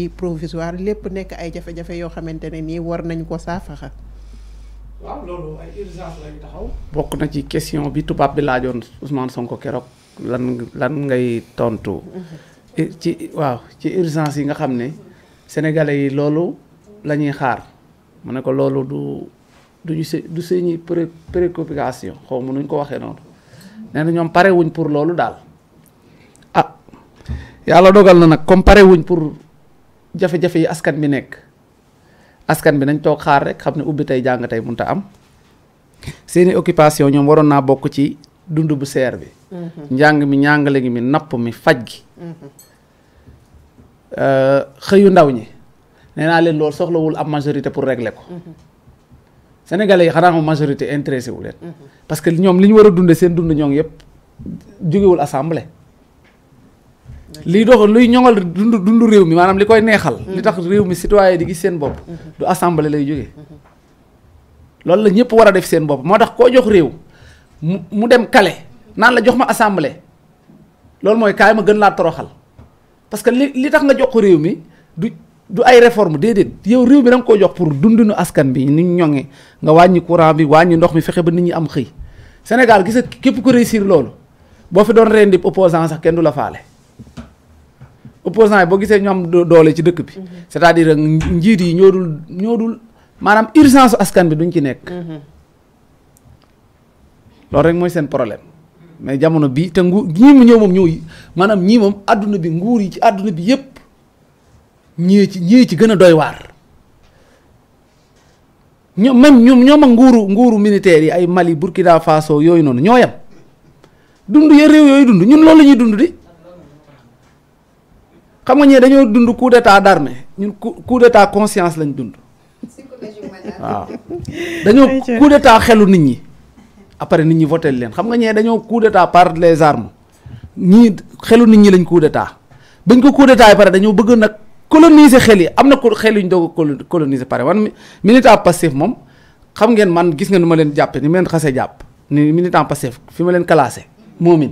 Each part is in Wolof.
abri provisoire lépp nekk ay jafe-jafe yoo xamante ne nii war nañu ko saafaxa waaw loolu ay urgence bokk na ci question bi tubaab bi laajoon Ousmane Sonko keroog lan lan ngay tontu. Mm-hmm. ci waaw ci urgence yi nga xam ne sénégalais yi loolu la ñuy xaar mu ne ko loolu du duñu se du seeni pré préoccupation xaw ma nuñ ko waxee noonu nee ñoom pare wuñ pour loolu daal ah yàlla dogal na nag comme pare wuñ pour. jafe-jafe yi askan bi nekk askan bi nañ toog xaar rek xam ne ubbi tey jàng tey mënut a am seeni occupation ñoom waroon naa bokk ci dund bu seer bi. Mhm. njàng mi njàngale gi mi napp mi faj gi. Mhm. Euh, xëyu ndaw ñi nee naa leen loolu soxlawul am majorité pour régler ko. Mhm. Sénégalais yi xanaa moom majorité intéressé wu leen. parce que ñoom li ñu war a dundee seen dund ñoom yëpp jógewul assemblée. liy dox luy ñoŋal dund dund réew mi maanaam li koy neexal. Mm-hmm. li tax réew mi citoyen di gis seen bopp. Mm-hmm. du assemblée lay jógee. Mm-hmm. loolu la ñëpp war a def seen bopp moo tax koo jox réew mu dem kale naan la jox ma assemblée loolu mooy kaay ma gën laa toroxal parce que li li tax nga jox ko réew mi du du ay reforme déedéet yow réew mi da koo jox pour dundinu askan bi ni ñu ñoŋee nga wàññi courant bi wàññi ndox mi fexe ba nit ñi am xëy Sénégal gis nga képp ku réussir loolu boo fi doon rendi opposant sax kenn du la opposant yi bo gisee ñu doole ci dëkk bi mhm. c'est à dire njiit yi ñoo dul maanaam urgence askan bi duñ ci nekk mhm. loolu rek mooy seen problème mais jamono bi te ngu ñii mu ñëw moom ñoo maanaam ñii moom àdduna bi nguur yi ci àdduna bi yépp ñii ci ñii ci gën a doy waar ñoom même ñoom ñoom nguuru nguuru militaire yi ay Mali Burkina Faso yooyu noonu ñoo yam dund ya réew yooyu dund ñun loolu la ñuy di xam nga ñee dañoo dund coup d'état d'armée ñun coup d'état conscience lañ dund waaw dañoo coup d'état xelu nit ñi après nit ñi voté leen xam nga ñee dañoo coup d'état par les armes ñii xelu nit ñi lañ coup d'état bañ ko coup d'état yi pare dañoo bëgg nag coloniser xel yi am na ko xel yu ñu doog a coloniser pare man militant passif moom xam ngeen man gis nga nu ma leen jàppee ni ma leen xasee jàpp ni militant passif fi ma leen classé moomin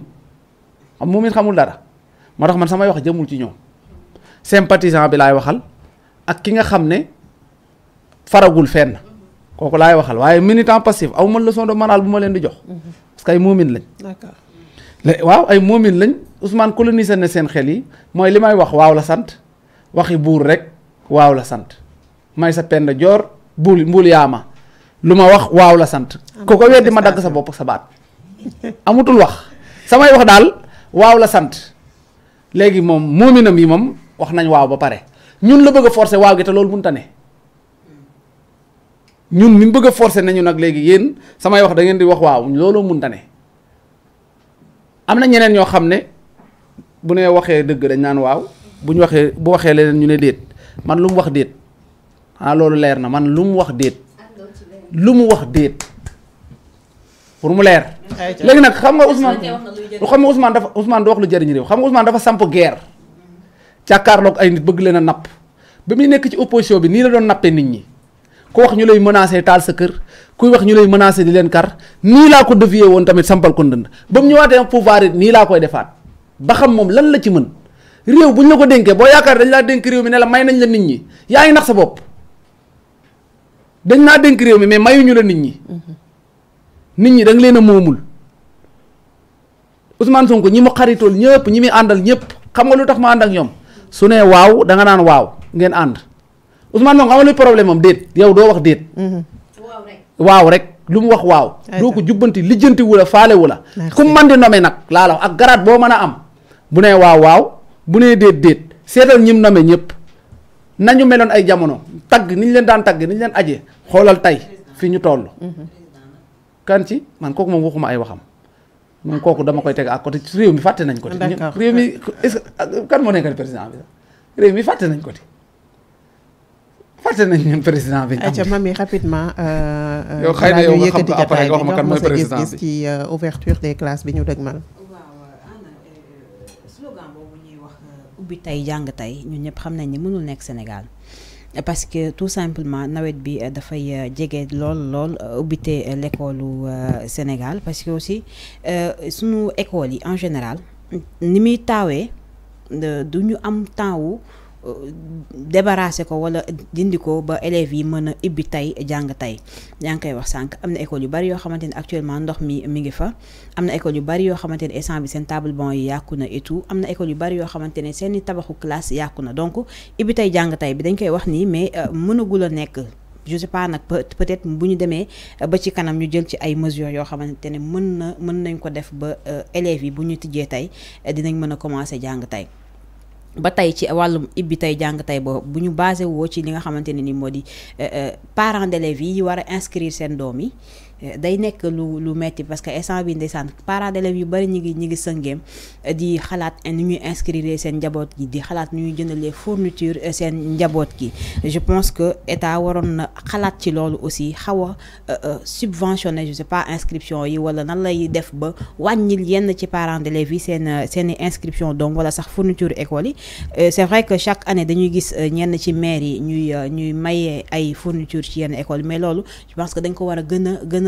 xam moomin xamul dara moo tax man samay wax jëmul ci ñoom sympathisant bi lay waxal ak ki nga xamne faragul fenn koku lay waxal waye militant passif aw ma leçon de morale buma len di jox. parce que ay momine lañ. d'accord waaw ay momine lañ Ousmane colonisé na sen xel yi moy limay wax waaw la sante waxi bour rek waaw la sante may sa pend joor buul mbuul yama luma ma wax waaw la sante koku weddi ma dag sa bop sa bat amutul wax samay wax dal waaw la sante mom momina mi mom wax nañ waaw ba pare ñun la bëgg a forcer waaw gi te loolu munta ne ñun mi bëgg a forcer nañu nag léegi yéen samay wax da ngeen di wax waaw loolu munta ne am na ñeneen ñoo xam ne bu ne waxee dëgg dañ naan waaw bu ñu waxee bu waxee leneen ñu ne déet man lu mu wax déet ah loolu leer na man lu mu wax déet lu mu wax déet pour mu leer léegi nag xam nga Ousmane xam nga Ousmane dafa Ousmane du wax lu jëriñ réew xam nga Ousmane dafa samp guerre jàkkaarloog ay nit bëgg leena nap bi mi nekk ci opposition bi ni la doon nappee nit ñi ku wax ñu lay menacer tal sa kër ku wax ñu lay menacer di leen kar ni la ko devié won tamit sampal ko ndënd bam ñu waté pouvoir ni la koy defaat ba xam mom lan la ci mën réew buñ la ko dénkee bo yaakaar dañ la dénk réew mi ne la may nañ la nit ñi yaay ngi nax sa bop dañ na dénk réew mi mais ñu la nit ñi mm-hmm. nit ñi da nga leena momul Ousmane Sonko ñi mo xaritol ñepp ñi mi andal ñepp xam nga lutax ma ànd ak suné waw da nga naan waw ngeen and Ousmane moom xam nga luy problème am déet yow do wax hmm waw rek lu mu wax waw do ko jubanti lijeenti wu faale wu ku man di nomé nak la la ak garat bo meuna am. bu né waw waw bu né déet déet sétal ñim nomé ñep nañu meloon ay jamono tag niñ leen daan tag niñ leen aje xolal tay fi ñu mhm. kan ci man kooku mom waxuma ay waxam. man kooku dama koy teg ak côté ci réew mi fàtte nañ ko. d'accord réew mi est-ce que ah, bi fàtte nañ ko ti fàtte nañ président bi. ayca mami rapidement. Euh, euh, yow xëy na yow nga xam ko après nga wax ma kan mooy président bi gis ci euh, ouverture des classes bi ñu dëgmal. slogan boobu wax ubbi tey jàng tey ñu ñëpp xam nañ ni mënul nekk Sénégal. parce que tout simplement nawet bi euh, dafay euh, jege lool lool euh, ubbite l'école au Sénégal parce que aussi sunu école en général ni mi tawé duñu am temps débarrasser ko wala dindi ko ba élèves yi mën a ibbi tey jàng tey ñaa ngi koy wax sànq am na école yu bari yoo xamante ne actuellement ndox mi mi ngi fa am na école yu bari yoo xamante ne instant bi seen table yi yàqu na et am na école yu bari yoo xamante ne seen i tabaxu classe yàqu na donc ibbi tey jàng tey bi dañ koy wax nii mais euh, mënagul a nekk. je sais pas nag peut-être bu ñu demee euh, ba ci kanam ñu jël ci ay mesures yoo xamante ne mën na mën nañ ko def ba euh, élèves yi bu ñu tijjee tey dinañ mën a commencer jàng tey. ba tey ci wàllum ibbi tey jàng tey bu ñu basé woo ci li nga xamante ne ni moo di euh, euh, parents d'élèves yi war a inscrire seen doom yi day nekk lu lu metti parce que instant bi ndeysaan parents d'élèves yu bëri ñu ngi ñu ngi sëngeem eh, di xalaat eh, nu ñuy inscrire seen njaboot gi di xalaat nu ñuy jëndalee fourniture eh, seen njaboot gi je pense que état waroon na xalaat ci loolu aussi xaw a subventionné je sais pas inscription yi wala nan lay def ba wàññil yenn ci parents d'élèves yi seen seen inscription donc wala sax fourniture école yi c'est vrai que chaque année dañuy gis ñenn ci maire yi ñuy ñuy maye ay fourniture ci yenn école mais loolu je pense que dañ ko war a gën a gën a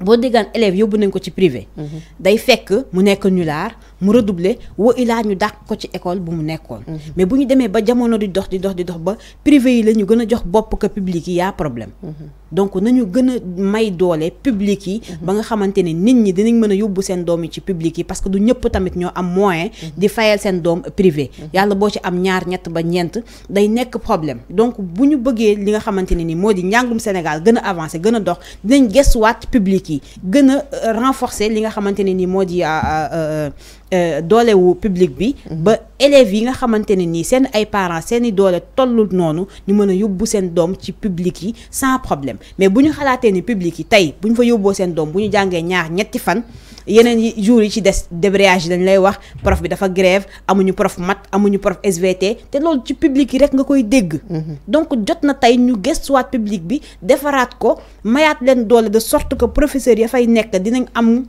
boo déggaan élèves yóbbu nañ ko ci privé. Mhm. day fekk mu nekk nulaar mu redoubler woo ilaa ñu dàq ko ci école bu mu nekkoon. Mhm. mais bu ñu demee ba jamono di dox di dox di dox ba privé yi la ñu gën a jox bopp ko public yi yaa problème. Mhm. donc nañu gën may doole public yi. ba nga xamante ne nit ñi dinañ mën a yóbbu seen doom yi ci public yi parce que du ñëpp tamit ñoo am moyen. di fayal seen doom privé. yàlla boo ci am ñaar ñett ba ñeent day nekk problème donc bu ñu bëggee li nga xamante ne ni moo di njàngum Sénégal gën a avancé gën a dox dinañ gëstuwaat public kii gën a euh, renforcer li nga xamante ne ni moo di euh, euh, wu public bi mhm. ba élèves yi nga xamante ne nii seen ay parents seen i doole tollul noonu ñu mën a yóbbu seen doom ci public yi sans problème mais bu ñu xalaatee ni public yi tey bu ñu fa yóbboo seen doom bu ñu jàngee ñaar ñetti fan yeneen yi jours yi ci des débrayage yi dañ lay wax prof bi dafa grève amuñu prof mat amuñu prof SVT te loolu ci public yi rek nga koy dégg mhm. donc jot na tey ñu gëstuwaat public bi defaraat ko mayaat leen doole de sorte que professeurs ya fay nekk dinañ am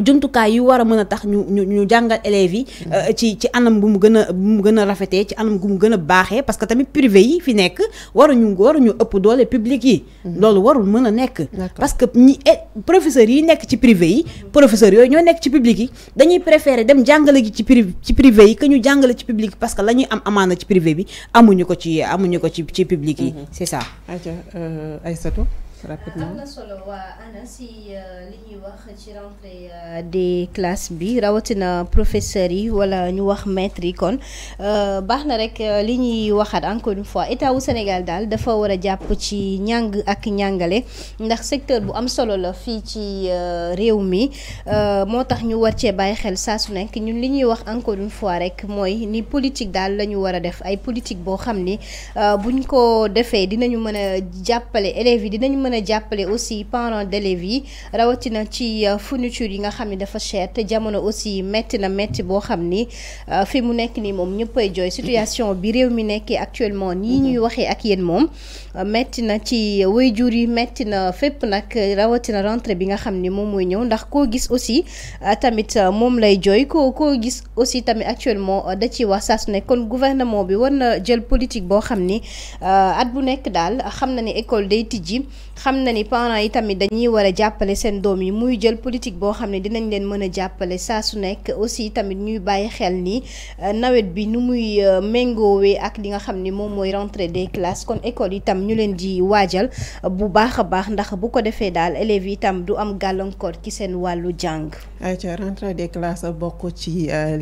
jumtukaay yu war a mën a tax ñu ñu ñu jàngal élèves yi mm. euh, ci ci anam bu mu gën a bu mu gën a rafetee ci anam bu mu gën a baaxee parce que tamit privé yi fi nekk waruñu waruñu ëpp doole public yi mm. loolu warul mën a nekk parce que ñi eh, professeurs yi nekk ci privé yi professeurs yooyu ñoo nekk ci public yi dañuy préférer dem jàngale gi ci pri ci privé yi que ñu jàngale ci public parce que la ñuy am amaana ci privé bi amuñu ko ci amuñu ko ci ci public yi mm-hmm. c'est ça euh, Aïssatou rapidement am na solo waa ana si euh, li ñuy wax ci rentrée euh, des classes bi rawatina professeurs yi wala ñu wax maîtres yi kon euh, baax na rek li ñuy waxaat encore une fois état wu Sénégal daal dafa war a jàpp ci njàng ak njàngale ndax secteur bu am solo la fii ci réew mi moo tax ñu war cee bàyyi xel saa su nekk ñun li ñuy wax encore une fois rek mooy ni politique daal la ñu war a def ay politique boo xam ni buñ ko defee dinañu mën jàppale élèves yi dinañu mën mën jappalé aussi parents d'élèves yi rawatina ci euh, fourniture yi nga xam dafa cher jamono aussi metti na metti bo euh, fi mu nekk ni mom ñeppay joy situation bi réew mi actuellement ni ñuy waxé ak yeen mom euh, metti na ci waajur yi metti na fépp nag rawatina rentrée bi nga xam ni moy mooy ndax ko gis aussi tamit mom lay joy ko ko gis aussi tamit actuellement da ci wax saa su kon gouvernement bi war jël politique bo xam ni at bu nekk dal xam na ni école day tijji xam na ni parents yi tamit dañuy war a jàppale seen doom yi muy jël politique boo xam ne dinañ leen mën a jàppale saa su nekk aussi tamit ñuy bàyyi xel ni euh, nawet bi nu muy euh, méngoowee ak li nga xam ni moom mooy rentrée des classes kon école yi tam ñu leen di waajal bu baax a baax ndax bu ko defee daal élèves yi tam du am gàllankoor ci seen wàllu jàng. ay ca rentrée des classes bokk euh,